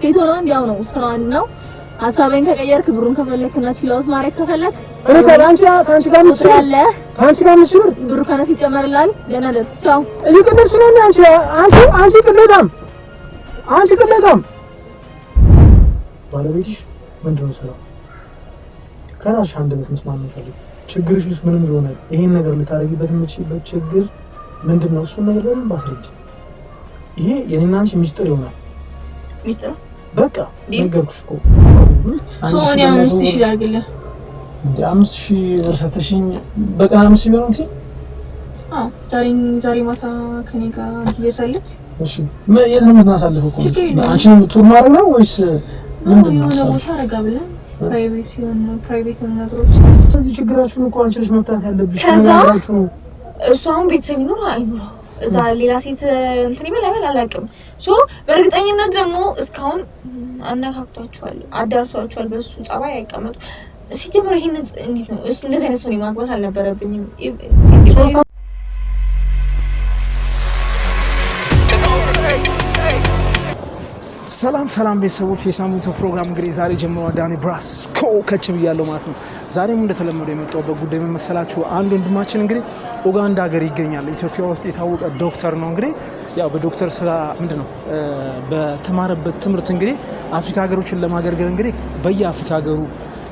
ሴት ሆኖ እንዲያው ነው ስራን ነው ሀሳቤን ከቀየር ክብሩን ከፈለክና ችለውት ማድረግ ከፈለክ እኔ ካንቺ ካንቺ ጋር ከነስ ይጨመርላል። ደህና ደር ቻው። እዩ ነው አንቺ አንቺ አንቺ ቅሌታም አንቺ ቅሌታም ባለቤትሽ ምንድን ነው ስራው? ከራስሽ አንደበት መስማት ነው ፈልግ ችግርሽ ውስጥ ምንም እንደሆነ ይሄን ነገር ልታደርጊበት የምችልበት ችግር ምንድን ነው? እሱን ነገር በደንብ አስረጅ። ይሄ የኔና አንቺ ሚስጥር ይሆናል። ሚስጥር በቃ ነገርኩሽ እኮ ሰሆን አምስት አምስት በቀን አምስት ዛሬ ማታ ከኔ ጋር ጊዜ የት ነው ቱር ማድረግ ነው ወይስ ምንድን ነው? የሆነ ቦታ ብለን ፕራይቬት ሲሆን ፕራይቬት የሆኑ ነገሮች። ስለዚህ ችግራችሁን እኮ አንቺ ነሽ መፍታት ያለብሽ። ከዛ እሱ አሁን ቤተሰብ ይኖር አይኖረው እዛ ሌላ ሴት እንትን ይበል አይበል አላውቅም። ሶ በእርግጠኝነት ደግሞ እስካሁን አነካክቷቸዋል፣ አዳርሷቸዋል። በሱ ጸባይ አይቀመጡ ሲጀምር ይህን እንዴት ነው እንደዚህ አይነት ሰው ማግባት አልነበረብኝም። ሰላም ሰላም ቤተሰቦች፣ የሳምንቱ ፕሮግራም እንግዲህ ዛሬ ጀምሮ ዳኒ ብራስኮ ከች ብያለሁ ማለት ነው። ዛሬም እንደተለመደው የመጣሁበት ጉዳይ መመሰላችሁ አንድ ወንድማችን እንግዲህ ኡጋንዳ ሀገር ይገኛል። ኢትዮጵያ ውስጥ የታወቀ ዶክተር ነው። እንግዲህ ያው በዶክተር ስራ ምንድን ነው በተማረበት ትምህርት እንግዲህ አፍሪካ ሀገሮችን ለማገልገል እንግዲህ በየአፍሪካ ሀገሩ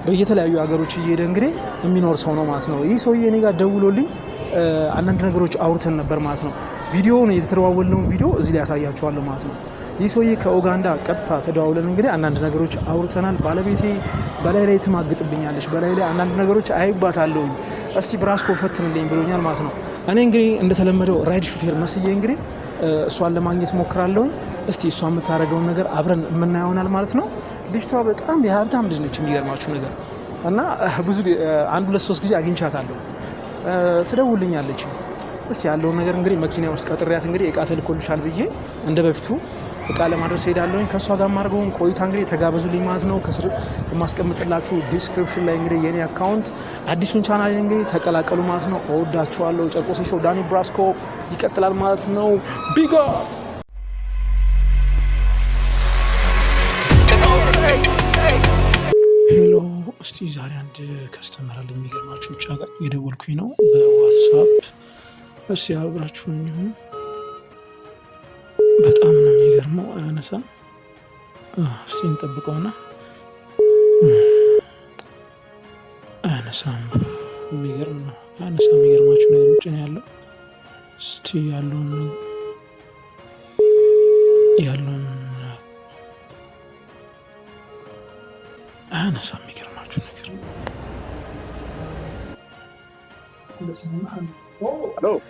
በየተለያዩ ሀገሮች እየሄደ እንግዲህ የሚኖር ሰው ነው ማለት ነው። ይህ ሰውዬ እኔ ጋር ደውሎልኝ አንዳንድ ነገሮች አውርተን ነበር ማለት ነው። ቪዲዮውን የተደዋወልነውን ቪዲዮ እዚህ ላይ ያሳያችኋለሁ ማለት ነው። ይህ ሰውዬ ከኡጋንዳ ቀጥታ ተደዋውለን እንግዲህ አንዳንድ ነገሮች አውርተናል። ባለቤቴ በላይ ላይ ትማግጥብኛለች፣ በላይ ላይ አንዳንድ ነገሮች አይባታለሁኝ፣ እስቲ ብራስኮ ፈትንልኝ ብሎኛል ማለት ነው። እኔ እንግዲህ እንደተለመደው ራይድ ሹፌር መስዬ እንግዲህ እሷን ለማግኘት ሞክራለሁኝ። እስቲ እሷ የምታደርገውን ነገር አብረን የምናየሆናል ማለት ነው። ልጅቷ በጣም የሀብታም ልጅ ነች፣ የሚገርማችሁ ነገር እና ብዙ አንድ ሁለት ሶስት ጊዜ አግኝቻታለሁ። ትደውልኛለች። እስቲ ያለውን ነገር እንግዲህ መኪና ውስጥ ቀጥሪያት እንግዲህ እቃ ተልኮልሻል ብዬ እንደ በፊቱ እቃ ለማድረስ ሄዳለሁኝ። ከእሷ ጋር ማድርገውን ቆይታ እንግዲህ ተጋበዙልኝ ማለት ነው። ከስር የማስቀምጥላችሁ ዲስክሪፕሽን ላይ እንግዲህ የኔ አካውንት አዲሱን ቻናል እንግዲህ ተቀላቀሉ ማለት ነው። እወዳችኋለሁ። ጨርቆሴ ሾው ዳኒ ብራስኮ ይቀጥላል ማለት ነው። ቢጋ ሄሎ። እስቲ ዛሬ አንድ ከስተመር አለ የሚገርማችሁ፣ ብቻ የደወልኩኝ ነው በዋትሳፕ። እስቲ አብራችሁን ይሁን በጣም ነው የሚገርመው። አያነሳም። እስኪ እንጠብቀውና አያነሳም። የሚገርም ነው። አያነሳም። የሚገርማችሁ ነገር ውጭ ነው ያለው። እስቲ ያለውን ያለውን አያነሳም። የሚገርማችሁ ነገር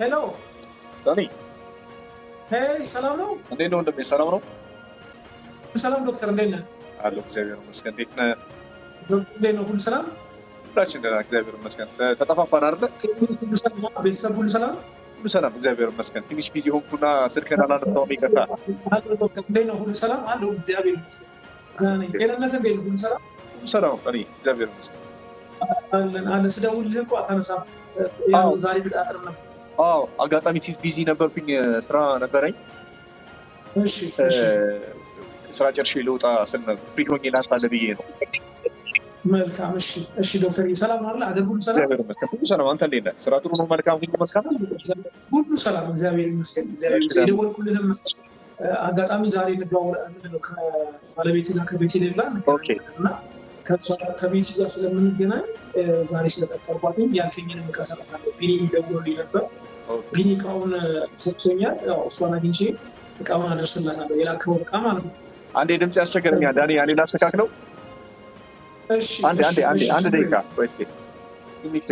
ሄሎ ሰላም ነው። እንዴት ነው ወንድሜ? ሰላም ነው። ሰላም ዶክተር፣ እንዴት ነህ? አለሁ እግዚአብሔር ይመስገን። እንዴት ነህ? እንዴት ነው? ሁሉ ሰላም? ሁላችን ደህና እግዚአብሔር ይመስገን። ተጠፋፋን አይደለ? ቤተሰብ ሁሉ ሰላም? ሁሉ ሰላም እግዚአብሔር ይመስገን። ትንሽ ቢዚ ሆንኩና ስልክህን አላነሳሁም፣ ይቅርታ። እንዴት ነው? ሁሉ ሰላም? አለሁ እግዚአብሔር ይመስገን። እንዴት ነው? ሁሉ ሰላም? ሁሉ ሰላም እኔ እግዚአብሔር ይመስገን። ስደውልልህ እኮ አታነሳም። ዛሬ ነው አዎ አጋጣሚ ቲፍ ቢዚ ነበርኩኝ፣ ስራ ነበረኝ። ስራ ጨርሼ ልውጣ ስል ነበር ፍሪ ሆኜ ላንሳለ ብዬ ነው። መልካም ሰላም አንተ እንዴት ነህ? ስራ ጥሩ ነው? መልካም ሁሉ ሰላም፣ እግዚአብሔር አጋጣሚ ዛሬ ጋር ከቤቴ ሌላ ከቤት ጋር ስለምንገናኝ ዛሬ ስለቀጠርኳትም ያልከኝን ቢኒ ደውሎልኝ ነበር ግን እቃውን ሰጥቶኛል። እሷን አግኝቼ እቃውን አደርስላታለሁ። የላከው እቃ ማለት ነው። አንዴ ድምፅ ያስቸገረኛል ዳኒ፣ አንዴ ላስተካክለው። አንድ ደቂቃ ወይስ ትንሽ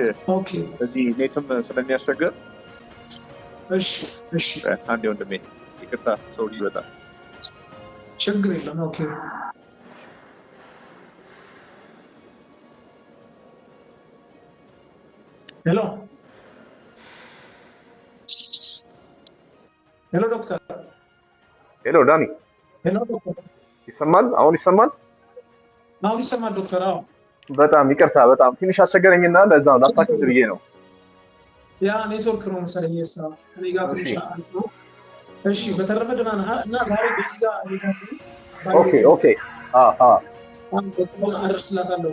እዚህ ኔትም ስለሚያስቸግር አንዴ ወንድሜ ይቅርታ። ሰው ልጅ ችግር የለም። ኦኬ ሄሎ ሄሎ ዶክተር። ሄሎ ዳኒ። ሄሎ ዶክተር። ይሰማል? አሁን ይሰማል? አሁን ይሰማል ዶክተር። አዎ በጣም ይቅርታ፣ በጣም ትንሽ አስቸገረኝና ለዛ ላስታክል ብዬ ነው። ያ ኔትወርክ ነው መሰለኝ የሰዓት እኔ ጋር ትንሽ አሪፍ ነው። እሺ፣ በተረፈ ደህና ነህ? እና ዛሬ ቤቲ ጋር ኦኬ ኦኬ። አደርስላታለሁ።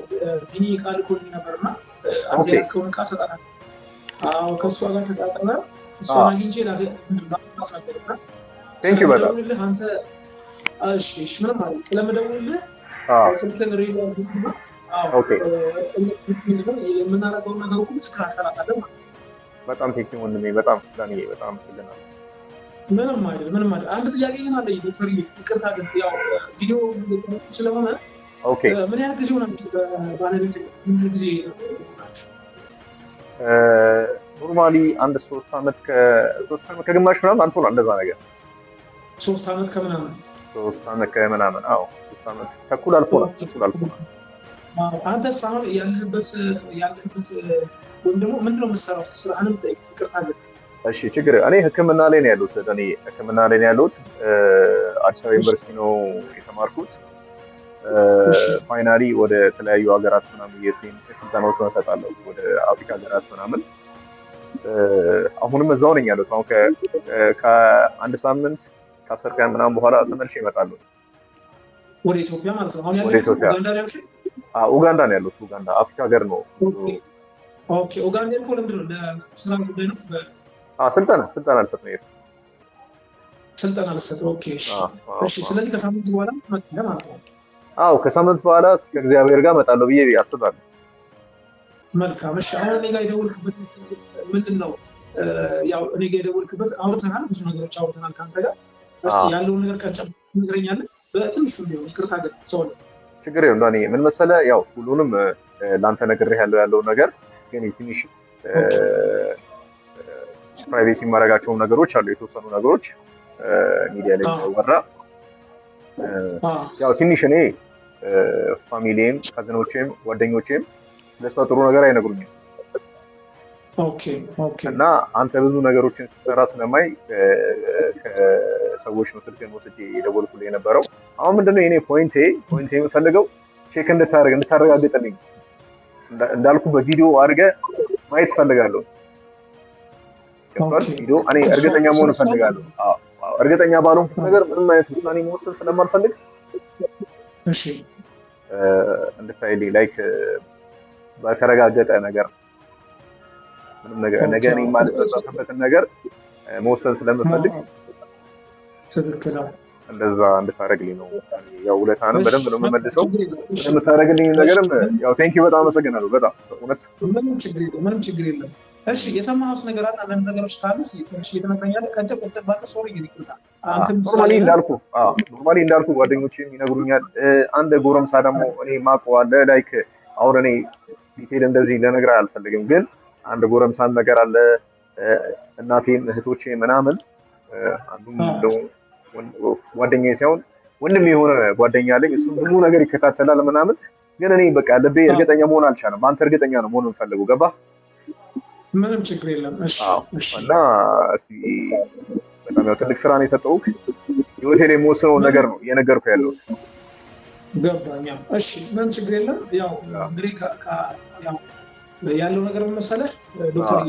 ዲኒ ቃል እኮ ነበርና አንተ ያልከውን ዕቃ ሰጣናል። አዎ ከእሷ ጋር ተጣጣመ እሷን አግኝቼ ስለምደውልልህ አንተ ምንም ማለት ስለምደውልልህ ስልክን ሬዲዮ የምናደርገውን ነገር ሁሉ ትከታተላታለህ ማለት ነው። በጣም ቴክኒ ወንድሜ፣ በጣም ዳኒ፣ በጣም አመሰግናለሁ። ምንም አይደል፣ ምንም አይደል። አንድ ጥያቄ ግን አለኝ ዶክተር፣ ይቅርታ ግን ያው ቪዲዮ ስለሆነ ምን ያህል ጊዜ ሆናችሁ? ባለቤት ምን ጊዜ ናችሁ? ኖርማሊ አንድ ሶስት ዓመት ከሶስት ዓመት ከግማሽ ምናምን አልፎ ነው እንደዛ ነገር ሶስት ዓመት ከምናምን ሶስት ዓመት ከምናምን አዎ ሶስት ዓመት ተኩል አልፎ ነው ተኩል አልፎ ነው። አንተስ አሁን ያለህበት ያለህበት ወይም ደግሞ ምንድነው የምትሰራው? ስራህንም አንም እሺ ችግር እኔ ህክምና ላይ ነው ያሉት እኔ ህክምና ላይ ነው ያሉት አዲስ አበባ ዩኒቨርሲቲ ነው የተማርኩት። ፋይናሊ ወደ ተለያዩ ሀገራት ምናምን የስልጠናዎች ስልጠናዎች መሰጣለሁ ወደ አፍሪካ ሀገራት ምናምን አሁንም እዛው ነኝ ያሉት። አሁን ከአንድ ሳምንት ከአስር ቀን ምናምን በኋላ ተመልሼ ይመጣሉ ወደ ኢትዮጵያ ማለት ነው። አሁን ያሉት ኡጋንዳ ነው ያሉት። ኡጋንዳ አፍሪካ ሀገር ነው። ኡጋንዳ እኮ ለምንድን ነው? ለስራ ጉዳይ ነው። ስልጠና ስልጠና ልሰጥ ነው ስልጠና ልሰጥ። ኦኬ እሺ። ስለዚህ ከሳምንት በኋላ ማለት ነው። አዎ ከሳምንት በኋላ ከእግዚአብሔር ጋር እመጣለሁ ብዬ አስባለሁ። መልካም እሺ። አሁን እኔ ጋ የደወልክበት ምንድን ነው? ያው እኔ ጋ የደወልክበት አውርተናል፣ ብዙ ነገሮች አውርተናል ከአንተ ጋር። እስኪ ያለውን ነገር ቀጨም ትነግረኛለህ? በትንሹ ቢሆን ይቅርታ ግን ሰው ችግር የለውም። ዳኒ ምን መሰለ ያው ሁሉንም ለአንተ ነገር ያለው ያለውን ነገር ግን ትንሽ ፕራይቬሲ የማደርጋቸውም ነገሮች አሉ። የተወሰኑ ነገሮች ሚዲያ ላይ ወራ ያው ትንሽ እኔ ፋሚሊም፣ ከዝኖቼም ጓደኞቼም ለእሷ ጥሩ ነገር አይነግሩኝም እና አንተ ብዙ ነገሮችን ስትሰራ ስለማይ ከሰዎች ነው ስልክህን ወስጄ የደወልኩልህ የነበረው። አሁን ምንድነው የኔ ፖይንቴ ፖይንቴ የምፈልገው ቼክ እንድታደርግ እንድታረጋግጥልኝ እንዳልኩ በቪዲዮ አድርገህ ማየት እፈልጋለሁ። ቪዲዮ እኔ እርግጠኛ መሆን እፈልጋለሁ። እርግጠኛ ባልሆንኩት ነገር ምንም አይነት ውሳኔ መወሰን ስለማልፈልግ እንድታይልኝ ላይክ በተረጋገጠ ነገር ምንም ነገር ነገ እኔ የማልጸጸትበትን ነገር መወሰን ስለምፈልግ እንደዛ እንድታደረግልኝ ነው። ያው ውለታንም በደንብ ነው የምመልሰው። የምታደረግልኝ ነገርም ያው በጣም አመሰግናለሁ። በጣም እውነት ምንም ችግር የለም። እሺ የሰማሁት ነገር አለ። አንዳንድ ነገሮች ካሉ ትንሽ ቁጥር ባለ ሶሪ እንዳልኩ ኖርማሊ እንዳልኩ ጓደኞችም ይነግሩኛል። አንድ ጎረምሳ ደግሞ እኔ ማውቀው አለ ላይክ አሁን እኔ ዲቴል እንደዚህ ለነገር አልፈልግም፣ ግን አንድ ጎረምሳን ነገር አለ። እናቴም እህቶቼ ምናምን አንዱም ጓደኛዬ ሳይሆን ወንድም የሆነ ጓደኛ አለኝ። እሱም ብዙ ነገር ይከታተላል ምናምን፣ ግን እኔ በቃ ልቤ እርግጠኛ መሆን አልቻለም። አንተ እርግጠኛ ነው መሆን የምፈልገው ገባ? ምንም ችግር የለም። እና እስቲ በጣም ያው ትልቅ ስራ ነው የሰጠው ህይወቴ ላይ የምወስነውን ነገር ነው እየነገርኩ ያለሁት። ገባኛል። እሺ ምን ችግር የለም። ያው እንግዲህ ያለው ነገር መሰለህ ዶክተር፣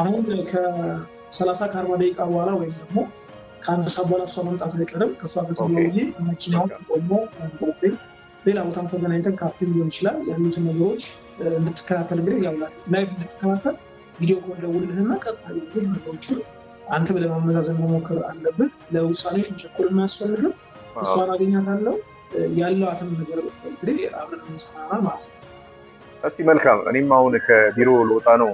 አሁን ከሰላሳ ከአርባ ደቂቃ በኋላ ወይም ደግሞ ከአንድ ሰዓት በኋላ እሷ መምጣት አይቀርም። ከእሷ በተለያየ መኪና ቆሞ ሌላ ቦታም ተገናኝተን ካፌ ሊሆን ይችላል ያሉትን ነገሮች እንድትከታተል እንግዲህ ያው ላይፍ እንድትከታተል ቪዲዮ ኮል ደውልህና ቀጥታ ነገሮች አንተ ለማመዛዘን መሞከር አለብህ። ለውሳኔዎች መቸኮል አያስፈልግም። እሷን አገኛታለሁ ያለዋትን ነገር እንግዲህ አብረን እንሰማናል ማለት ነው። እስቲ መልካም። እኔም አሁን ከቢሮ ልወጣ ነው።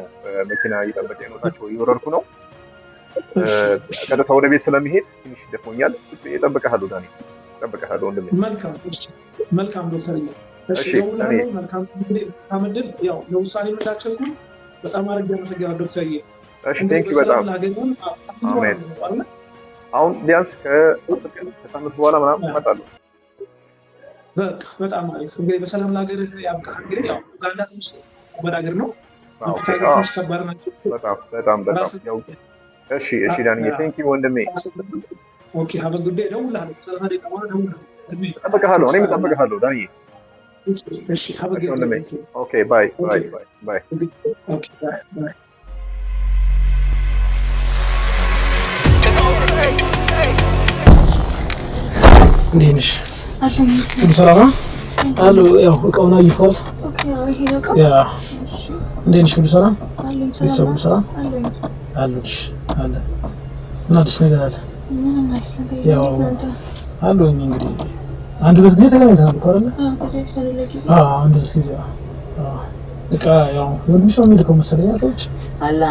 መኪና እየጠበቀ ነው። እየወረድኩ ነው። ቀጥታ ወደ ቤት ስለሚሄድ ትንሽ ደክሞኛል። እጠብቅሃለሁ ዳኒ፣ እጠብቅሃለሁ ወንድሜ። መልካም መልካም ዶክተር ያው ለውሳኔ እንዳቸልኩ በጣም አድርጌ አመሰግናለሁ ዶክተር። በጣም አሁን ቢያንስ ከአስር ቀን በኋላ ምናምን እመጣለሁ። በቃ በጣም አሪፍ እንግዲህ በሰላም ለሀገር ያብቃ። እንግዲህ ያው ኡጋንዳ ትንሽ ወዳገር ነው ትንሽ ከባድ ናቸው። በጣም በጣም በጣም እሺ፣ እሺ ዳንዬ ቴንኪ ወንድሜ። ኦኬ ሀበ ጉዳይ ደውልልሃለሁ፣ ከሰላሳ ደቂቃ በኋላ ደውልልሃለሁ። እጠብቅሃለሁ፣ እኔም እጠብቅሃለሁ ዳንዬ። እሺ ሀበ ጉዳይ። ኦኬ ባይ ባይ ባይ ባይ እንዴት ነሽ? ሰላም አሉ። ያው እቃውን አይቷል። እንዴት ነሽ? ሁሉ ሰላም ቤተሰብ ሁሉ ሰላም አሉሽ? አለ እና አዲስ ነገር አለ? ያው አለሁኝ እንግዲህ አንድ ሁለት ጊዜ ተገናኝተናል እኮ አይደለ? አንድ ሁለት ጊዜ እቃ ያው ወንድምሽ ነው የሚልከው መሰለኝ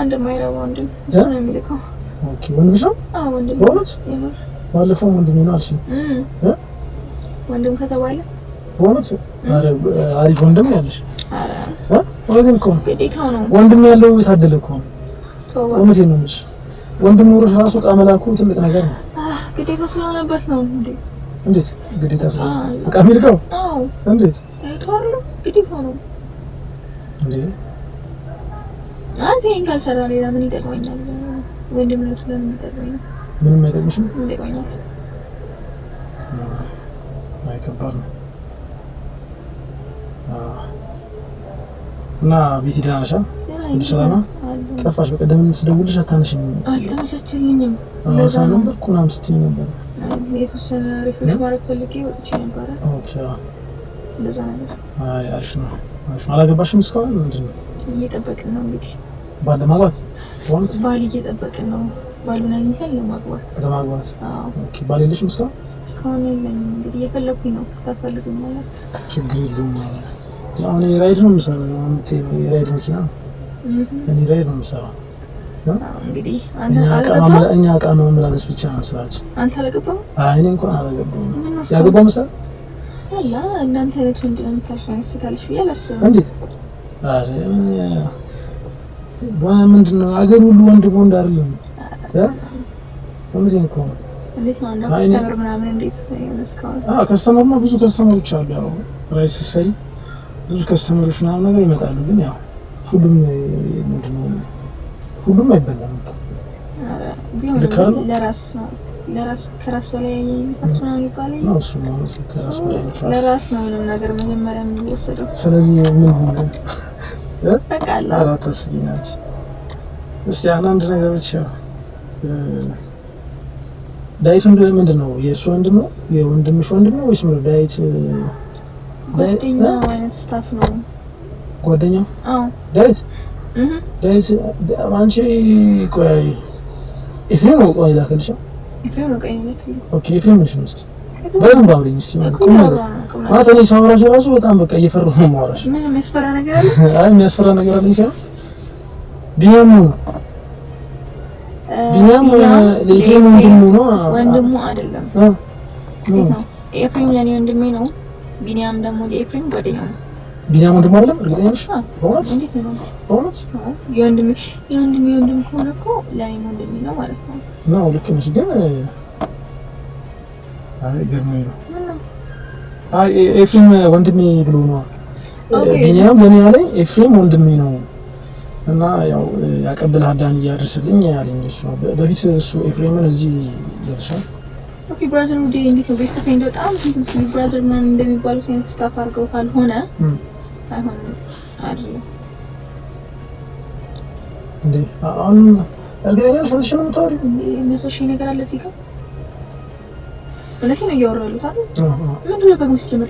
አንድ የማይረባ ወንድም እሱ ነው የሚልከው። ወንድምሽ ነው ባለፈው ወንድሜ ነው አልሽ። ወንድም ከተባለ በእውነት አሪፍ ወንድም ያለሽ እውነቴን እኮ ነው። ወንድም ያለው የታደለ እኮ ነው። እውነቴን ነው የምልሽ። ወንድም ኖሮሽ ራሱ ዕቃ መላኩ ትልቅ ነገር ነው። ግዴታ ስለሆነበት ነው። እንዴ? እንዴት ግዴታ ስለሆነ ዕቃ የሚልከው? እንዴት ግዴታ ነው እንዴ? ይሄን ካልሰራ ሌላ ምን ይጠቅመኛል? ወንድም ነው ስለምን ይጠቅመኛል? ምንም አይጠቅምሽም። ይጠቅመኛል። አይ ከባድ ነው። እና ቤቲ ደህና ነሽ? ሰላም ጠፋሽ። በቀደም ስደውልሽ አታነሽም። አልተመቻችልኝም። ለዛ ነበር እኮ ምናምን ስትይኝ ነበር። የተወሰነ ሪፍሬሽ ማድረግ ፈልጌ ወጥቼ ነበረ። አሪፍ ነው። አላገባሽም እስካሁን? ምንድን ነው እየጠበቅን ነው እንግዲህ ባለ ማግባት ባል እየጠበቅን ነው ባሉን አግኝተን ለማግባት ለማግባት ባል የለሽም? እስካሁን እስካሁን የለኝም። እንግዲህ እየፈለኩኝ ነው። ታፈልጉ ማለት ችግር አሁን የራይድ ነው የምሰራው። የራይድ መኪና እኔ ራይድ ነው የምሰራው። እኛ እቃ ማመላለስ ብቻ ነው ስራችን። አንተ እኔ እንኳን ያገባው መሰለህ አላ እናንተ አይነት ወንድ ነው ብዬ አላስብም። እንዴት ምንድን ነው አገር ሁሉ ወንድ ወንድ አይደለም እንዴት ነው ብዙ ከስተመሮች አሉ። ያው ፕራይስ ሲሰሪ ብዙ ከስተመሮች ምናምን ነገር ይመጣሉ። ግን ያው ሁሉም ምንድን ነው ሁሉም አይበላም። ለራስ ነው ለራስ ከራስ በላይ ነው የሚባለው ነው። ነው ምንም ነገር መጀመሪያ የሚወሰደው። ስለዚህ ምን ሁሉ እስቲ አንዳንድ ነገሮች ያው ዳዊት ምንድን ነው? የእሱ ወንድ ነው? የወንድምሽ ወንድ ነው ወይስ ምንድን ነው? ዳዊት ጓደኛው አይነት ስታፍ ነው። ጓደኛው? አዎ። ዳዊት ዳዊት አንቺ ቆይ ኤፍሬም ነው ቆይ ኤፍሬም ነው ኦኬ ኤፍሬም ነሽ ነው። በደንብ አውሪኝ እስኪ በጣም በቃ እየፈራሁ ነው የማወራሽ። ምን የሚያስፈራ ነገር አለ? አይ የሚያስፈራ ነገር አለ ሳይሆን ነው ወንድሙ አይደለም ኤፍሬም ለኔ ወንድሜ ነው። ቢኒያም ደግሞ ለኤፍሬም ጓደኛው ነው። ቢኒያም ወንድሙ አይደለም? እርግጠኛ ነሽ? እንዴት ነው? በእውነት የወንድሜ የወንድሜ ወንድም ከሆነ እኮ ለእኔም ወንድሜ ነው ማለት ነው። ነው ልክ ነሽ፣ ግን ገርሞኝ ነው። ኤፍሬም ወንድሜ ብሎ ነው ቢኒያም ለእኔ ያለኝ ኤፍሬም ወንድሜ ነው እና ያው ያቀብልሃል አዳን አድርስልኝ ያለኝ እሱ ነው። በፊት እሱ ኤፍሬምን እዚህ ደርሷል። ኦኬ ብራዘር እንዴ እንዴት ነው ቤስት ፍሬንድ በጣም ትንስ ብራዘር ምናምን እንደሚባሉት አይነት ስታፍ አድርገው ካልሆነ አይሆንም እንዴ አሁን እርግጠኛ ነው ነገር አለ እዚህ ጋር ነው እያወራሉት አለ ስጀምር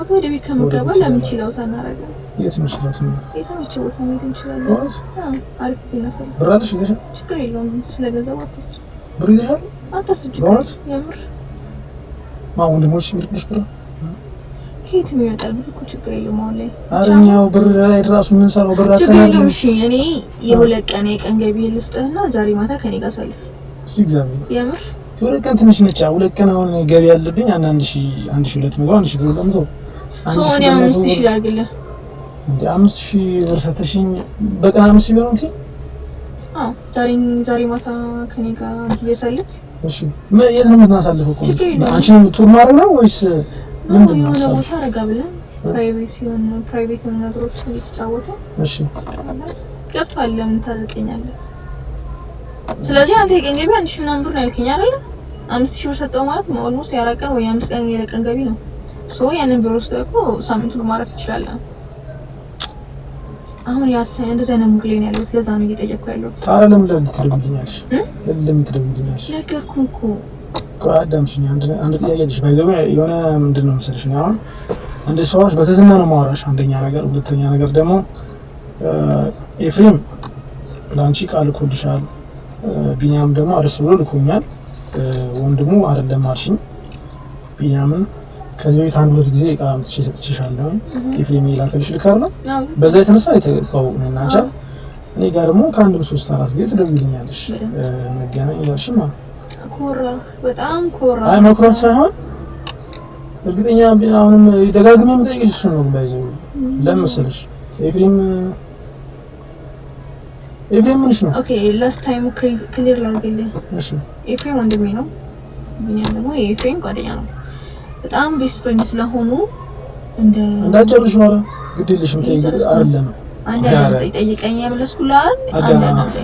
አቶ ወደ ቤት ከምገባ ለምን ችለውት አናረገ? የት ነው ችለውት? የትንሽ ቦታ መሄድ እንችላለን። አሪፍ ዜና ሰለ ብራለሽ ይዘሻል። ችግር የለውም። ስለ ገንዘቡ አታስብ። ብር ይዘሻል አታስብ። ችግር የምር ማን ወንድሞች የሚልኩሽ ብር ከየት የሚመጣል? ብዙ እኮ ችግር የለውም። አሁን ላይ አረኛው ብር ራሱ ሰራው? ብር ችግር የለውም። እሺ እኔ የሁለት ቀን የቀን ገቢ ልስጥህና ዛሬ ማታ ከኔ ጋር ሳልፍ እግዚአብሔር የምር የሁለት ቀን ትንሽ ነች። ሁለት ቀን አሁን ገቢ ያለብኝ አንድ አንድ ሺህ አንድ ሺ ሁለት መቶ አንድ ሺ ሁለት መቶ ሰውን አምስት ሺህ ላድርግልህ። እንደ አምስት ሺህ ብር ሰተሽኝ በቀን አምስት ሺህ ብር ነው። ዛሬ ዛሬ ማታ ከኔ ጋር ጊዜ ሳለፍ። እሺ የት ነው የምናሳልፈው? አንቺን ቱር ማድረግ ነው ወይስ ምንድን ነው? የሆነ ቦታ ረጋ ብለን ፕራይቬት ሲሆን ፕራይቬት የሆኑ ነገሮች እየተጫወተ። እሺ ገብቶሃል። ለምን ታርቀኛለህ? ስለዚህ አንተ የቀን ገቢ አንድ ምናምን ብር ነው ያልከኝ አይደለ? አምስት ብር ሰጠው ማለት ኦልሞስት የአራት ቀን ወይ የአምስት ቀን ገቢ ነው። ሶ ያንን ብር ውስጥ ደግሞ ሳምንት ማለት ትችላለን። አሁን ያሰ እንደዚህ አይነት ሙግሌ ነው ያለሁት። ለዛ ነው እየጠየቅኩ ያለሁት። ኧረ ለምን ለምን ትደውልኛለሽ? ለምን ትደውልኛለሽ? ነገርኩህ እኮ አዳምሽኝ። አንድ ጥያቄ ልሽ ባይዘው የሆነ ምንድን ነው መሰለሽ፣ አሁን እንደ ሰዎች በትህትና ነው ማውራሽ። አንደኛ ነገር፣ ሁለተኛ ነገር ደግሞ ኤፍሬም ለአንቺ ቃል ኮድሻል፣ ቢኒያም ደግሞ አርስ ብሎ ልኮኛል። ወንድሙ አይደለም አልሽኝ ቢኒያምን ከዚህ በፊት አንድ ሁለት ጊዜ እቃ ምትቼ ሰጥቼሻለሁ። የፊልም የላከልሽ እከር ነው። በዛ የተነሳ የተዋወቅን እናንቻ እኔ ጋር ደግሞ ከአንድም ሶስት አራት ጊዜ ትደውይልኛለሽ። መገናኝ ያልሽ ማለት ኮራ፣ በጣም ኮራ። አይ መኩራት ሳይሆን እርግጠኛ አሁንም ደጋግሜ የምጠይቅሽ እሱ ነው። ባይዘ ለምን መሰለሽ የፊልም ኤፍሬም ምንሽ ነው? ኦኬ ላስት ታይም ክሊር ላድርግልህ። ኤፍሬም ወንድሜ ነው። ኛ ደግሞ የኤፍሬም ጓደኛ ነው። በጣም ቤስት ፍሬንድ ስለሆኑ እንደ እንዳጨርሽ ነው። ግድ የለሽም አይደለም አንዳንድ ጠይቀኝ የመለስኩልህ አንዳንድ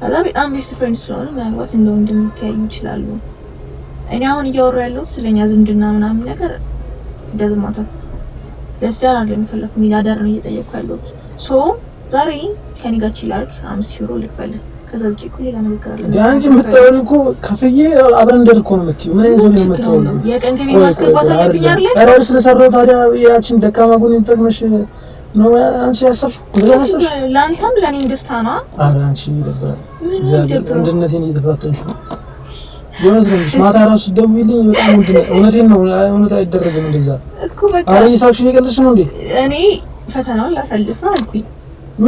ከዛ በጣም ቤስት ፍሬንድ ስለሆኑ ምናልባት እንደው ወንድም ሊተያዩ ይችላሉ። እኔ አሁን እያወሩ ያለሁት ስለኛ ዝምድና ምናምን ነገር ደዝማታ ለስዳር አለ የሚፈለግ ሚላዳር ነው እየጠየቅኩ ያለሁት ሶ ዛሬ ከኔ ጋር ችላርክ አምስት ዩሮ ልክፈልህ ከዛ የምታወሪው እኮ ከፍዬ አብረን እንደሄድን እኮ ነው የምትይው። ምን አይነት ነው የምታወሪው? የቀን ገቢ ማስገባት አለብኝ አይደል? ስለሰራሁ ታዲያ ያቺን ደካማ ጎን የሚጠቅመሽ ነው አንቺ ያሰብሽው። ለአንተም ለእኔም ደስታ ነው። ኧረ አንቺ ይደብራል። አንድነቴን እየተፈታተንሽ ነው። የእውነት ነው የምልሽ። ማታ እራሱ ስትደውይልኝ በጣም እውነቴን ነው። እውነት አይደረግም እንደዛ እኮ። በቃ ኧረ እየሳቅሽ እየቀለድሽ ነው እንዴ? እኔ ፈተናውን ላሳልፍ አልኩኝ።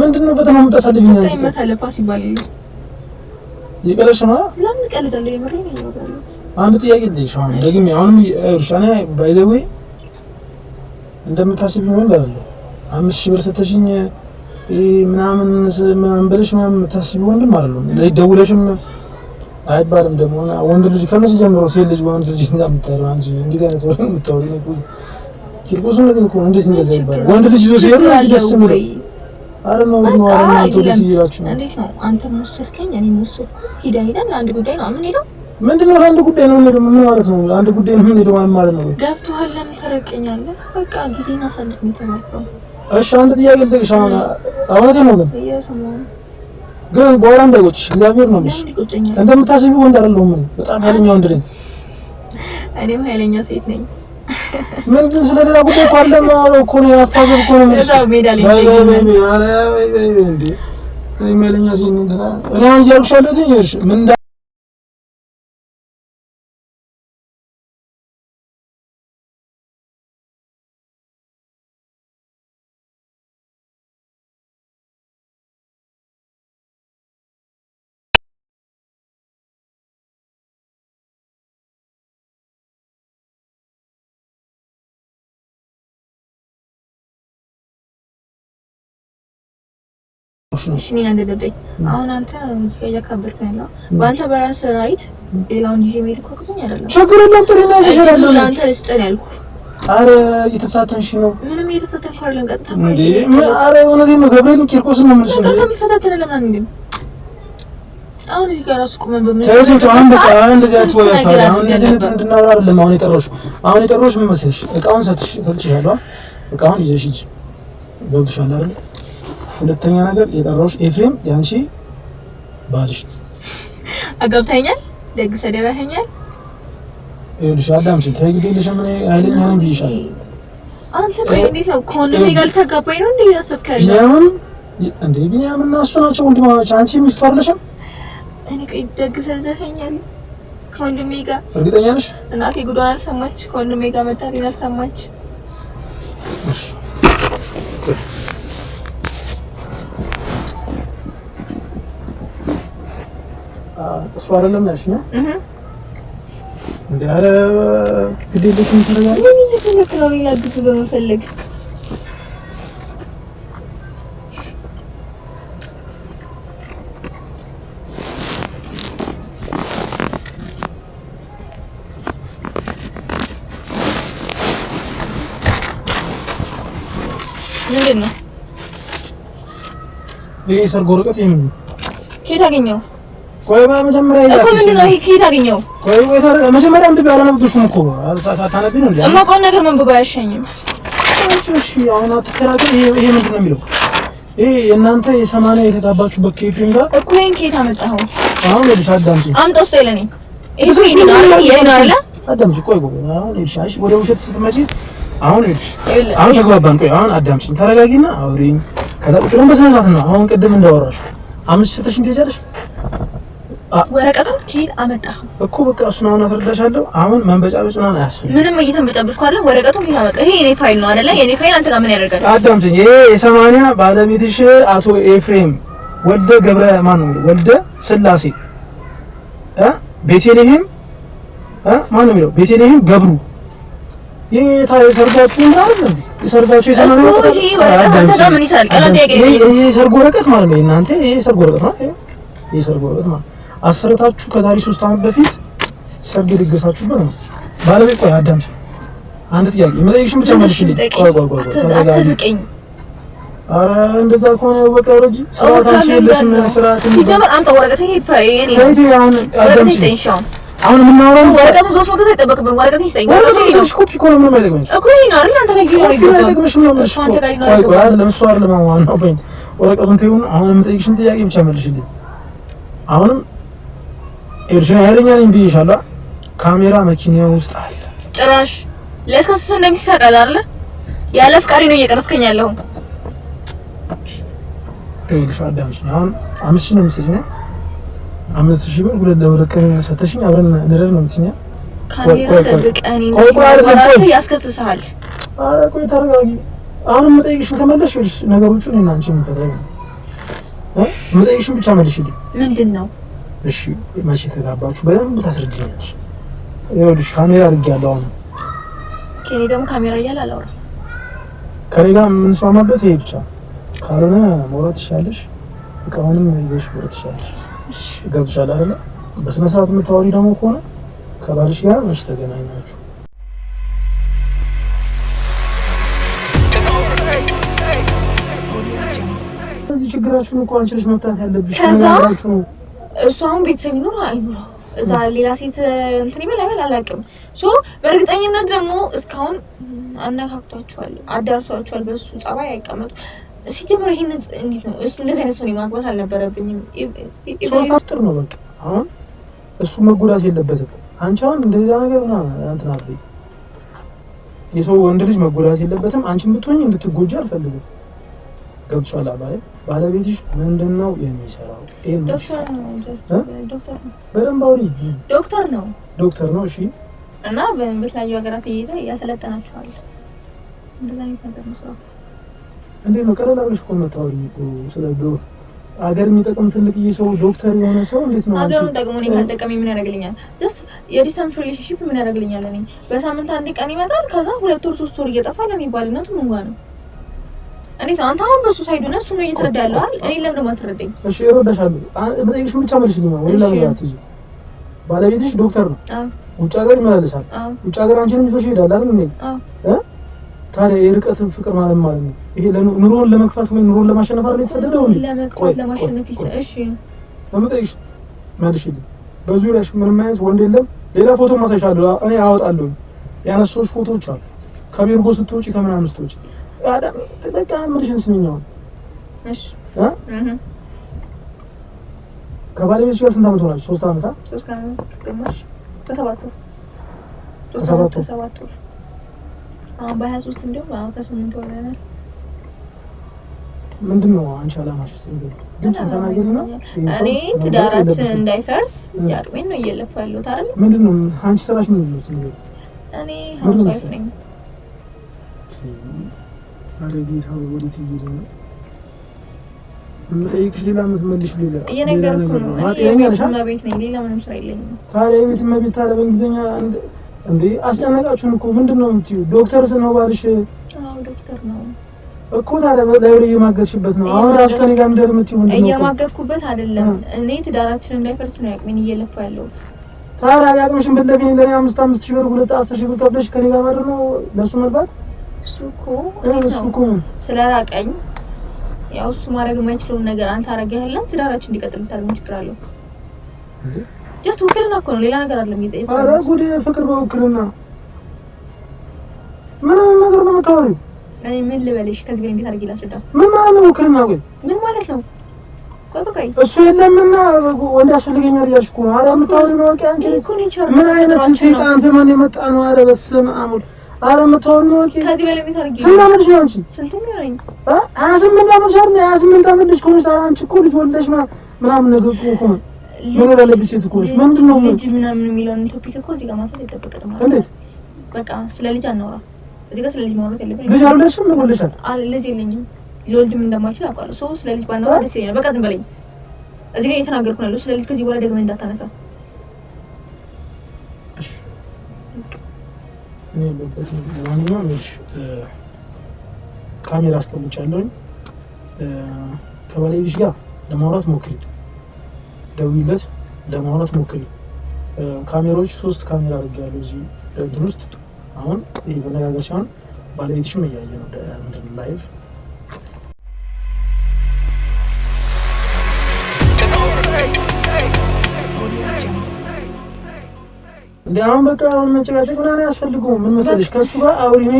ምንድን ነው ፈተናውን የምታሳልፊኝ? አንቺ መተለፋ ሲባል ይቀለሽ ነው። ለምን እቀልዳለሁ? የምሬ ነው። አንድ ጥያቄ ልጠይቅሽ። አሁን ደግሜ አሁንም እርሻና ባይዘዌ እንደምታስብ ይሆን አይደል? አምስት ሺህ ብር ሰተሽኝ ምናምን ምናምን ብለሽ ምናምን የምታስቢ ወንድም አይደለም። ደውለሽም አይባልም ደግሞ ወንድ ልጅ ከነሱ ጀምሮ ሴት ልጅ ወንድ ልጅ እንደምታረው አንቺ እንዴት አይነት ወሬ የምታወሪ ነው? ኪርቆስ ነው። እንዴት እንደዛ ይባላል? ወንድ ልጅ ይዞ ሲሄድ ደስ የሚለው አንተ ወሰድከኝ፣ እኔ ወሰድኩ። ሂደን ሂደን ለአንድ ጉዳይ ነው የምንሄደው። ምንድን ነው ለአንድ ጉዳይ ነው የምንሄደው? ምን ማለት ነው ለአንድ ጉዳይ ነው የምንሄደው ማለት ነው? ገብቶሃል? ለምን ተረቀኛለህ? በቃ ጊዜ እናሳልፍ ነው የተባልከው። እሺ፣ አንተ ጥያቄ ልጠይቅሽ። እውነቴን ነው ግን ግን እንዳይቆጭሽ እግዚአብሔር ነው እንደምታስቢው ወንድ አይደለሁም። በጣም ኃይለኛ ወንድ ነኝ። እኔም ኃይለኛ ሴት ነኝ። ምንድን ስለሌላ ጉዳይ እኮ አይደለም ያወራው እኮ ነው ያስታዘብ እኮ ነው እዛ ሜዳ ላይ ነው። ኧረ ምን እሺ ያንደደጠኝ አሁን አንተ እዚህ ጋር እያካበድክ ነው ያለው። በአንተ በራስህ ራይድ ሌላውን ይዤ መሄድ እኮ አቅቶኝ አይደለም። ችግር የለም ጥሪ ነው ያዘሻለሁ ለአንተ ልስጥህ ነው ያልኩህ። አረ እየተፈታተንሽ ነው። ምንም እየተፈታተንኩ አይደለም። ቀጥታ እኮ አረ እውነቴን ነው ገብርኤልን ቂርቆስን ነው የምልሽ። ቀጥታ የሚፈታተን ለምን አንሄድም? አሁን እዚህ ጋር እራሱ ቁመን በምን እንደዚህ አይነት ወሬ አታወራም። አሁን እንደዚህ አይነት እንድናወራ አይደለም አሁን የጠራሁሽ። አሁን የጠራሁሽ ምን መሰለሽ እቃውን እቃውን ይዘሽ ገብቶሻል አይደል? ሁለተኛ ነገር የጠራሁሽ ኤፍሬም ያንቺ ባልሽ ነው። አገብተኛል፣ ደግ ሰደባኸኛል። ይኸውልሽ አዳምጪኝ፣ ተይ ግዴለሽ። ምን ኃይለኛ ነኝ ብዬሻለሁ። አንተ ቆይ እንዴት ነው ከወንድሜ ጋር ልታጋባኝ ነው እንዴ እያሰብክ ያለው? እንዴ ቢኒያም እና እሱ ናቸው ወንድማማች። አንቺ ሚስቱ አይደለሽም። እኔ ቆይ ደግ ሰደባኸኛል ከወንድሜ ጋር። እርግጠኛ ነሽ? እናቴ ጉዷን አልሰማች። ከወንድሜ ጋር መዳሪን አልሰማች። እሺ እሱ አይደለም ያልሽ ነው እንዴ? አረ ምን እየተነክ ነው? ሌላ በመፈለግ ምንድን ነው ይሄ ወረቀት? ይሄ ምን ነው? ከየት አገኘው? ቆይባ መጀመሪያ ይላል እኮ ምንድን ነው? ከየት አገኘኸው? ቆይባ ይታረቀ መጀመሪያ አንብቤ አላነበብሽም እኮ ሳታነቢ ነው የማውቀውን ነገር መንበብ አያሻኝም። እሺ አሁን አትከራከር። ይሄ ምንድን ነው የሚለው? ይሄ እናንተ የሰማንያ የተጋባችሁበት ከኤፍሬም ጋር እኮ ይሄን ከየት አመጣኸው? አሁን ልጅ አዳምጪ፣ አምጣው ስለ ለኔ እሺ ይሄን አለ አዳምጪ። ቆይ ቆይ አሁን ልጅ አሽ ወደ ውሸት ስትመጪ አሁን ልጅ አሁን ተግባባን። ቆይ አሁን አዳምጪ፣ ተረጋጊና አውሪኝ። ከዛ ቁጭ ብለን በስነ ስርዓት ነው አሁን ቅድም እንዳወራሽ አምስት ሰተሽ እንደዚህ ወረቀቱን ከየት አመጣ እኮ በቃ እሱን አሁን አስረዳሻለሁ። አሁን መንበጫበጭ ምናምን አያስፈልግም። ምንም እየተንበጫበጭኩ አይደለም። ወረቀቱን ከየት አመጣ? ይሄ የኔ ፋይል ነው አይደለ? የኔ ፋይል አንተ ጋር ምን ያደርጋል? አዳምጪኝ። ይሄ የሰማንያ ባለቤትሽ አቶ ኤፍሬም ወልደ ገብረ ማን ነው ወልደ ስላሴ እ ቤተልሔም እ ማን ነው የሚለው ቤተልሔም ገብሩ ወረቀት ማለት ነው። እናንተ ነው። ወረቀት ማለት ነው። አስረታችሁ ከዛሬ ሶስት አመት በፊት ሰርግ የደገሳችሁበት ነው። ባለቤት ቆይ አዳምጪ፣ አንድ ጥያቄ መጠየቅሽን ብቻ መልሽ። ቆይ ቆይ ቆይ ተረጋጊ። አረ እንደዛ ከሆነ በቃ ረጅ ስርዓት አንቺ የለሽም። ስርዓት ይጀምር። አንተ ወረቀት ይሄ ፕራይሪ አሁን አዳምጪ አሁን የምናወራው ወረቀቱን ሶስት መቶ አይጠበቅብኝ። ወረቀት ይስጠኝ። ወረቀቱን ይስጠኝ። ኮፒ እኮ ነው ማለት ነው? እኮ ይሄ ነው አይደል? አንተ ጋር ይኖር ይገባል። አይጠቅምሽም ነው ምንም። አንተ ጋር ቆይ ይገባል። አይደለም እሱ አይደለም። አሁን ወረቀቱን ተይው። አሁን የምጠይቅሽን ጥያቄ ብቻ መልሽልኝ። አሁንም እርሻ ያለኛ ነኝ ብዬሻለሁ። ካሜራ መኪና ውስጥ አለ። ጭራሽ ለስከስ እንደሚል ታውቃለህ ያለ ፍቃሪ ነው እየቀረስከኝ ያለው። ኤርሻ ዳንስ አምስት ሺህ ነው የምትሰጪኝ አምስት ሺህ ብር ሁለት ለሁለት ቀን ሰተሽኝ አብረን እንደረር ነው የምትይኝ። ካሜራ ደብቀኝ ነው ያስከስስሃል። ቆይ ተረጋጊ። አሁን የምጠይቅሽን ነገሮቹን የምጠይቅሽን ብቻ መልሽልኝ። ምንድን ነው እሺ መቼ ተጋባችሁ? በደንብ ታስረጅኛለሽ። ይኸውልሽ ካሜራ አድርጌያለሁ። አሁን ከኔ ደግሞ ካሜራ እያለ አላወራም። ከኔ ጋር የምንስማማበት ይሄ ብቻ ካልሆነ መውራት ትሻለሽ፣ እቃውንም ይዘሽ መውራት ትሻለሽ። ገብቶሻል አይደለ? በስነ ስርዓት የምታወሪ ደግሞ ከሆነ ከባልሽ ጋር መቼ ተገናኛችሁ? እዚህ ችግራችሁን እኮ አንቺ ነሽ መፍታት ያለብሽ ነው። እሱ አሁን ቤተሰብ ይኖር አይኖረው እዛ ሌላ ሴት እንትን ይበል አይበል አላውቅም። ሶ በእርግጠኝነት ደግሞ እስካሁን አነካክቷቸዋል፣ አዳርሷቸዋል። በሱ ጸባይ አይቀመጡ ሲጀምር ይህን እንዴት ነው እሱ እንደዚህ አይነት ሰው ማግባት አልነበረብኝም። ሶስት አስጥር ነው በቃ አሁን እሱ መጎዳት የለበትም። አንቺ አሁን እንደሌላ ነገር ና እንትን አለ የሰው ወንድ ልጅ መጎዳት የለበትም። አንቺ ብትሆኝ እንድትጎጂ አልፈልግም። ገብቷል አባለ ባለቤትሽ ምንድን ነው የሚሰራው? በደንብ አውሪ። ዶክተር ነው ዶክተር ነው። እሺ። እና በተለያዩ ሀገራት እየሄደ ያሰለጠናቸዋል። እንደዛ ነው ስራው። እንዴት ነው ቀለል አድርገሽ እኮ መታወሪ ስለ ሀገር የሚጠቅም ትልቅዬ ሰው ዶክተር የሆነ ሰው እንዴት ነው ሀገሩን ጠቅሞ እኔ ካልጠቀመ ምን ያደርግልኛል? ጀስት የዲስታንስ ሪሌሽንሽፕ ምን ያደርግልኛል? እኔ በሳምንት አንድ ቀን ይመጣል። ከዛ ሁለት ወር ሶስት ወር እየጠፋ ለኔ ባልነቱ ምንጓ ነው እንዴት አንተ አሁን በሱ ሳይድ ሆነህ እሱ ነው እየተረዳ ያለው አይደል? እኔ ለምን ደግሞ አልተረዳኝ? እሺ እረዳሻለሁ። በጠይቅሽ ብቻ መልሽ ነው ወይ? ለምን አትይዙ? ባለቤትሽ ዶክተር ነው። ውጭ ሀገር ይመላለሳል። ውጭ ሀገር አንቺንም ይዞሽ ይሄዳል አይደል? እንዴ እ ታዲያ የርቀትን ፍቅር ማለት ማለት ነው ይሄ ኑሮን ለመግፋት ወይ ኑሮን ለማሸነፍ አይደል የተሰደደው? እንዴ ለመግፋት ለማሸነፍ ይሰ እሺ ለምጠይቅሽ መልሽልኝ። በዙሪያሽ ምንም አይነት ወንድ የለም? ሌላ ፎቶ ማሳይሻለሁ። እኔ አወጣለሁ። ያነሳሁሽ ፎቶዎች አሉ። ከቤርጎ ስትወጪ ከምናምን ስትወጪ በቃ ምልሽን ስሚኛውን ከባለቤትሽ ጋር ስንት ዓመት ሆናችሁ? ሶስት ዓመት ሶስት ከሰባት ወር ከሰባት ወር አሁን በሀያ ሶስት እንዲሁም አሁን ከስምንት ወር ይሆናል። ምንድን ነው አንቺ አላማሽስ? እኔ ትዳራችን እንዳይፈርስ የአቅሜን ነው እየለፋ ያለሁት አይደል። ምንድን ነው አንቺ ስራሽ? ምንድን ነው እኔ ሀውስ ዋይፍ ነኝ። አረ ጌታ ወዴት እየሄደ ነው? የምጠይቅሽ ሌላ የምትመልሽ ሌላ እየነገርኩ ነው። ታዲያ የቤት እመቤት ታዲያ በእንግሊዝኛ እንዴ አስጨነቃችሁን እኮ ምንድን ነው የምትይው? ዶክተር ስነው ባልሽ እኮ ታዲያ ላይብሬ እየማገዝሽበት ነው። አሁን ራሱ ከኔ ጋር ምንድን ነው እየማገዝኩበት አይደለም እኔ ትዳራችን እንዳይፈርስ ነው ያቅሜን እየለፋ ያለሁት። ታዲያ ያቅምሽን ብትለፊ ለእኔ አምስት አምስት ሺህ ብር ሁለት አስር ሺህ ብር ከፍለሽ ከኔ ጋር ማድረግ ነው ለእሱ መልፋት እሱ እኮ ስለራቀኝ ያው እሱ ማድረግ የማይችለውን ነገር አንተ አረጋህልና ትዳራችን እንዲቀጥል ታደርግ ችግር አለው። ጀስት ውክልና እኮ ነው፣ ሌላ ነገር አይደለም። ይጠይቅ። ኧረ ጉድ! ፍቅር በውክልና ምን ነገር ነው የምታወሪው? እኔ ምን ልበልሽ? ከዚህ በላይ እንዴት አድርጌ ላስረዳ? ምን ማለት ነው ውክልና? ወይ ምን ማለት ነው? እሱ የለምና ወንድ ያስፈልገኛል እያልሽ እኮ ነው። ኧረ የምታወሪው ነው። ምን አይነት ሰይጣን ዘመን የመጣ ነው? አረ በስመ አብ ኧረ የምታወሪው ነው። ከዚህ በላይ ስንት ዓመትሽ ነው ሀያ ስምንት ዓመት ልጅ ከሆነች ታዲያ አንቺ እኮ ልጅ ወልደሽ ምናምን ነገር እኮ እኮ መኖር ያለብሽ ሴት እኮ ነሽ። ምንድን ነው ልጅ ምናምን የሚለውን ቶፒክ እኮ እዚህ ጋር ማንሳት አይጠበቅም። እንዴት በቃ ስለ ልጅ አናውራ። እዚህ ጋር ስለ ልጅ ማውራት ያለብን ልጅ አልወለድሽም? ወልደሻል? ልጅ የለኝም። ሊወልድም እንደማልችል አውቃለሁ። ሶ ስለ ልጅ ባናውራ ደስ ይለኛል። በቃ ዝም በለኝ። እዚህ ጋር እየተናገርኩ ነው ያለው ስለ ልጅ። ከዚህ በኋላ ደግመህ እንዳታነሳ እኔ ያለሁበት ዋናው ካሜራ አስቀምጫለሁኝ። ከባለቤትሽ ጋር ለማውራት ሞክሪ፣ ደውዪለት ለማውራት ሞክሪ። ካሜራዎች ሶስት ካሜራ አድርጌያለሁ እዚህ ድል ውስጥ አሁን ይህ በነጋገር ሲሆን ባለቤትሽም እያየ ነው ላይቭ አሁን በቃ አሁን መጨቃጨቅ ምናምን አያስፈልገውም። ምን መሰለሽ ከእሱ ጋር አውሪኔ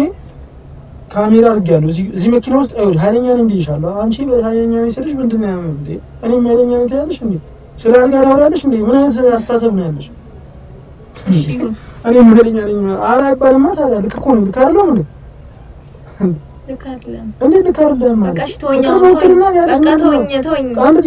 ካሜራ አድርጌያለሁ እዚህ መኪና ውስጥ አይውል ኃይለኛ ነኝ ብዬሻለሁ። አንቺ ኃይለኛ ነኝ ስልሽ ምንድን ነው ያመን እንዴ? እኔም ኃይለኛ ነኝ ትያለሽ እንዴ? ስለ አልጋ ታወሪያለሽ እንዴ? ምን አይነት አስተሳሰብ ነው ያለሽ? እኔም ኃይለኛ ነኝ ኧረ አይባልማ። ታዲያ ልክ እኮ ነው። ልክ አይደለም እንዴ? እንዴ ልክ አይደለም ማለት በቃ ተወኝ። አሁን ያለሽ አንድ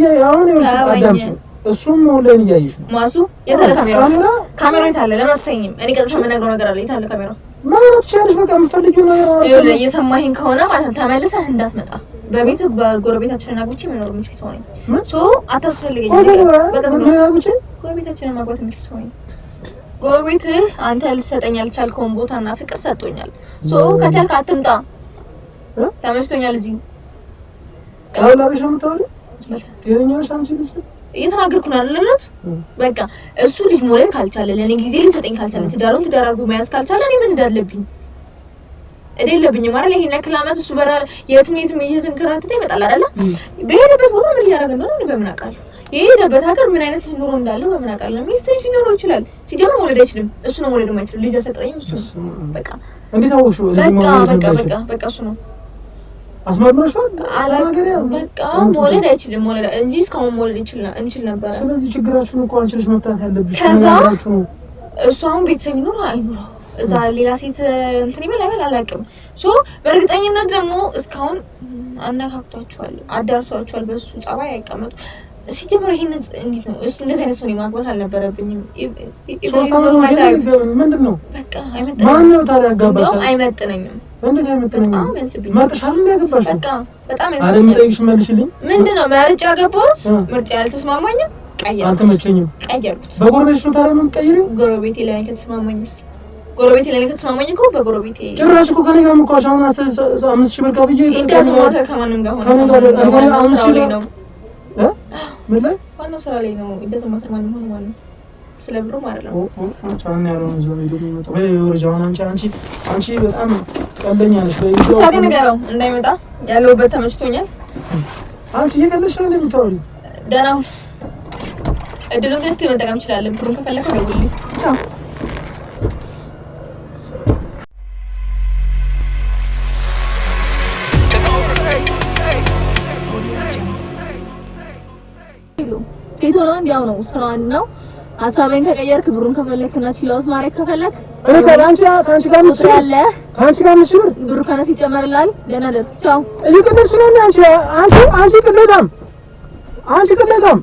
አሁን ይኸውልሽ አዳምጪ እሱም ኦንላይን እያየሽ ነው። ማሱ የታለ ካሜራ? ካሜራ የታለ? ለምን አትሰኝም? እኔ ቀጥታ የምነግረው ነገር አለ። የታለ ካሜራ? ማውራት ትችያለሽ። በቃ የምፈልጊው ነገር አለ። ይኸውልህ፣ እየሰማኸኝ ከሆነ ማለት ነው ተመልሰህ እንዳትመጣ በቤት በጎረቤታችንን አግብቼ መኖር የምችል ሰው ነኝ። ሶ አታስፈልገኝ። በቃ ጎረቤታችንን ማግባት የምችል ሰው ነኝ። ጎረቤት አንተ ልትሰጠኝ ያልቻልከውን ቦታና ፍቅር ሰጥቶኛል። ሶ ከቻልክ አትምጣ። ተመችቶኛል። እዚህ ቀላልሽ ነው የምታወሪው። ጤነኛሽ አንቺ ልጅ እየተናገርኩ ነው አይደለለት። በቃ እሱ ልጅ መውለድ ካልቻለ ለኔ ጊዜ ሊሰጠኝ ካልቻለ ትዳሩን ትዳር አድርጎ መያዝ ካልቻለ እኔ ምን እንዳለብኝ እኔ የለብኝም አይደል? ይሄን ያክል ዓመት እሱ በራ የትም የትም እየተንከራተተ ይመጣል አይደለ? በሄደበት ቦታ ምን እያደረገ እንደሆነ እኔ በምን አውቃለሁ? የሄደበት ሀገር ምን አይነት ኑሮ እንዳለ በምን አውቃለሁ? ሚስት ልጅ ሊኖረው ይችላል። ሲጀምር መውለድ አይችልም። እሱ ነው መውለድ የማይችለው ልጅ ያሰጠኝም እሱ በቃ እንዴት አወቅሽ? በቃ በቃ በቃ በቃ እሱ ነው አስመርመርሻል። በቃ መውለድ አይችልም መውለድ እንጂ እስካሁን መውለድ እንችል ነበረ። ስለዚህ ችግራችሁን እኮ አንቺ ነሽ መፍታት ያለብሽ። ከዛ እሱ አሁን ቤተሰብ ይኖር አይኖር እዛ ሌላ ሴት እንትን ይበል አይበል አላውቅም። ሶ በእርግጠኝነት ደግሞ እስካሁን አነካክቷቸዋል፣ አዳርሷቸዋል። በሱ ጸባይ አይቀመጡ ሲጀምር ይሄን እንዴት ነው እንደዚህ አይነት ሰው ማግባት አልነበረብኝም። ምንድን ነው በቃ አይመጥነኝም። እንዴት የምትለኝ መርጥሻል? የሚያገባሽ በቃ በጣም ያሳዝናል። የምጠይቅሽ መልሽልኝ። ምንድን ነው መርጬ ያገባሁት? ምርጫ ያልተስማማኝም ቀየርኩት፣ አልተመቸኝም፣ ቀየርኩት። በጎረቤትሽ ነው ታዲያ የምትቀይሪው? ጎረቤቴ ላይ ከተስማማኝስ ጎረቤቴ ላይ ከተስማማኝ እኮ በጎረቤቴ ጭራሽ እኮ ከኔ ጋር ምኳሽ አሁን አምስት ሺህ ብር ከፍዬ ከማንም ጋር ሆነ ምን ላይ ዋናው ስራ ላይ ነው። ማንም ስለ ብሩ ማለት ነው። አንቺ በጣም ቀልደኛ ነሽ። ንገረው እንዳይመጣ ያለውበት ተመችቶኛል። አንቺ እየቀለድሽ ነው እንደሚታወሪው። ደህና ሁን። እድሉን ግን ስትይ መጠቀም እንችላለን። ብሩን ከፈለከው ደውልልኝ። ሴት ሆና እንዲያው ነው ስራዋን ነው ሀሳቤን ከቀየርክ ብሩን ከፈለክና እና ችሎት ማድረግ ከፈለክ እኔ ከላንቺ ካንቺ ጋር ያለ ካንቺ ጋር ነው ብሩ ከነስ ይጨመርላል። ደህና ደር ቻው። እየቀደስ ነው አንቺ አንቺ አንቺ ቅሌታም አንቺ ቅሌታም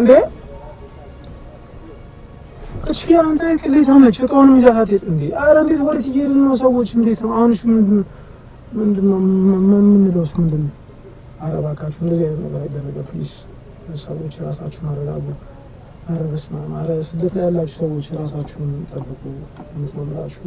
እንዴ! እሺ አንተ ቅሌታም ነች። እቃውንም ይዛት እንዴ! አረ እንዴት ወዴት እየሄድን ነው? ሰዎች እንዴት ነው አሁን? እሺ ምንድነው ምንድነው የምንለውስ ምንድነው? አረ እባካችሁ እንደዚህ አይነት ነገር አይደረገ ፕሊዝ። ሰዎች ራሳችሁ ማረጋጉ አረ በስመ አብ። ስደት ላይ ያላችሁ ሰዎች ራሳችሁን ጠብቁ። የምትመምላችሁ